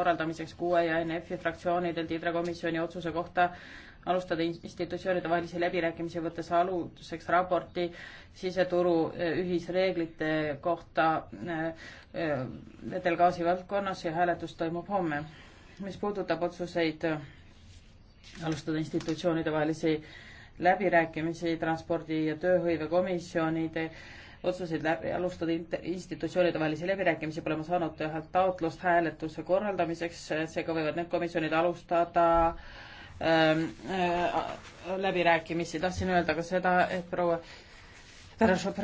korraldamiseks kuue ja NF-i fraktsioonidelt IDRA komisjoni otsuse kohta alustada institutsioonide vahelisi läbirääkimisi, võttes aluseks raporti siseturu e, ühisreeglite kohta e, e, vedelgaasi valdkonnas ja hääletus toimub homme. mis puudutab otsuseid alustada institutsioonide vahelisi läbirääkimisi transpordi ja tööhõivekomisjonide otsuseid läbi alustada institutsioonide vahelisi läbirääkimisi, pole ma saanud ühelt taotlust hääletuse korraldamiseks, seega võivad need komisjonid alustada ähm, äh, läbirääkimisi. tahtsin öelda ka seda, et proua Tarasov